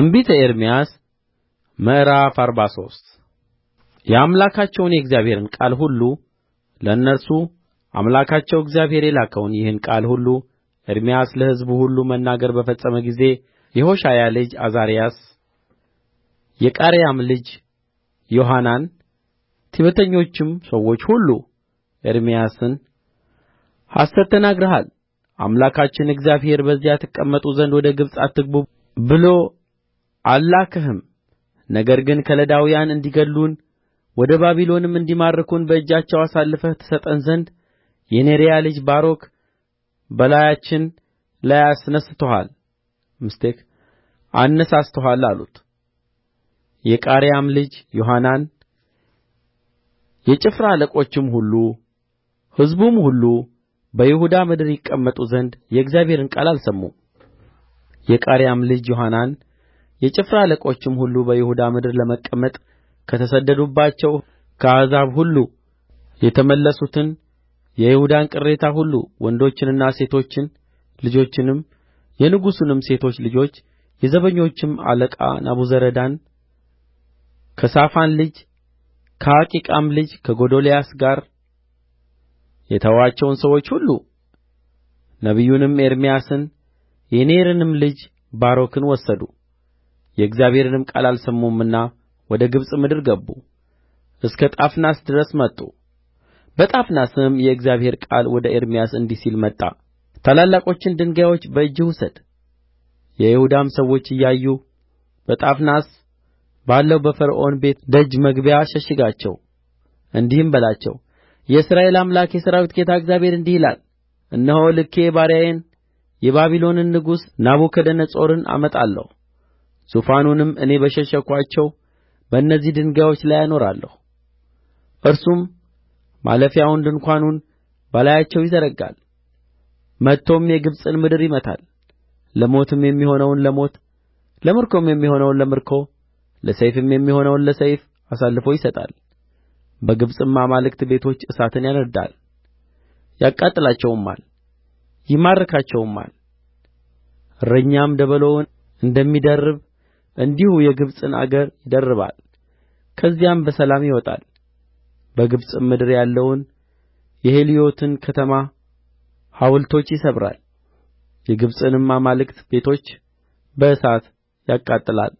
ትንቢተ ኤርምያስ ምዕራፍ አርባ ሶስት የአምላካቸውን የእግዚአብሔርን ቃል ሁሉ ለእነርሱ አምላካቸው እግዚአብሔር የላከውን ይህን ቃል ሁሉ ኤርምያስ ለሕዝቡ ሁሉ መናገር በፈጸመ ጊዜ የሆሻያ ልጅ ዓዛርያስ የቃሬያም ልጅ ዮሐናን ትዕቢተኞችም ሰዎች ሁሉ ኤርምያስን ሐሰት ተናግረሃል አምላካችን እግዚአብሔር በዚያ ትቀመጡ ዘንድ ወደ ግብጽ አትግቡ ብሎ አልላክህም ነገር ግን ከለዳውያን እንዲገድሉን ወደ ባቢሎንም እንዲማርኩን በእጃቸው አሳልፈህ ትሰጠን ዘንድ የኔርያ ልጅ ባሮክ በላያችን ላይ አነሣሥቶሃል አሉት የቃሬያም ልጅ ዮሐናን የጭፍራ አለቆችም ሁሉ ሕዝቡም ሁሉ በይሁዳ ምድር ይቀመጡ ዘንድ የእግዚአብሔርን ቃል አልሰሙም የቃሬያም ልጅ ዮሐናን የጭፍራ አለቆችም ሁሉ በይሁዳ ምድር ለመቀመጥ ከተሰደዱባቸው ከአሕዛብ ሁሉ የተመለሱትን የይሁዳን ቅሬታ ሁሉ ወንዶችንና ሴቶችን ልጆችንም የንጉሡንም ሴቶች ልጆች የዘበኞችም አለቃ ናቡዘረዳን ከሳፋን ልጅ ከአኪቃም ልጅ ከጎዶልያስ ጋር የተዋቸውን ሰዎች ሁሉ ነቢዩንም ኤርምያስን የኔርያንም ልጅ ባሮክን ወሰዱ የእግዚአብሔርንም ቃል አልሰሙምና ወደ ግብጽ ምድር ገቡ እስከ ጣፍናስ ድረስ መጡ በጣፍናስም የእግዚአብሔር ቃል ወደ ኤርምያስ እንዲህ ሲል መጣ ታላላቆችን ድንጋዮች በእጅህ ውሰድ የይሁዳም ሰዎች እያዩ በጣፍናስ ባለው በፈርዖን ቤት ደጅ መግቢያ ሸሽጋቸው እንዲህም በላቸው የእስራኤል አምላክ የሠራዊት ጌታ እግዚአብሔር እንዲህ ይላል እነሆ ልኬ ባሪያዬን የባቢሎንን ንጉሥ ናቡከደነፆርን አመጣለሁ ዙፋኑንም እኔ በሸሸግኋቸው በእነዚህ ድንጋዮች ላይ አኖራለሁ እርሱም ማለፊያውን ድንኳኑን በላያቸው ይዘረጋል መጥቶም የግብጽን ምድር ይመታል ለሞትም የሚሆነውን ለሞት ለምርኮም የሚሆነውን ለምርኮ ለሰይፍም የሚሆነውን ለሰይፍ አሳልፎ ይሰጣል በግብጽም አማልክት ቤቶች እሳትን ያነድዳል ያቃጥላቸውማል ይማርካቸውማል እረኛም ደበሎውን እንደሚደርብ እንዲሁ የግብጽን አገር ይደርባል ከዚያም በሰላም ይወጣል በግብጽም ምድር ያለውን የሄልዮቱን ከተማ ሐውልቶች ይሰብራል የግብጽንም አማልክት ቤቶች በእሳት ያቃጥላል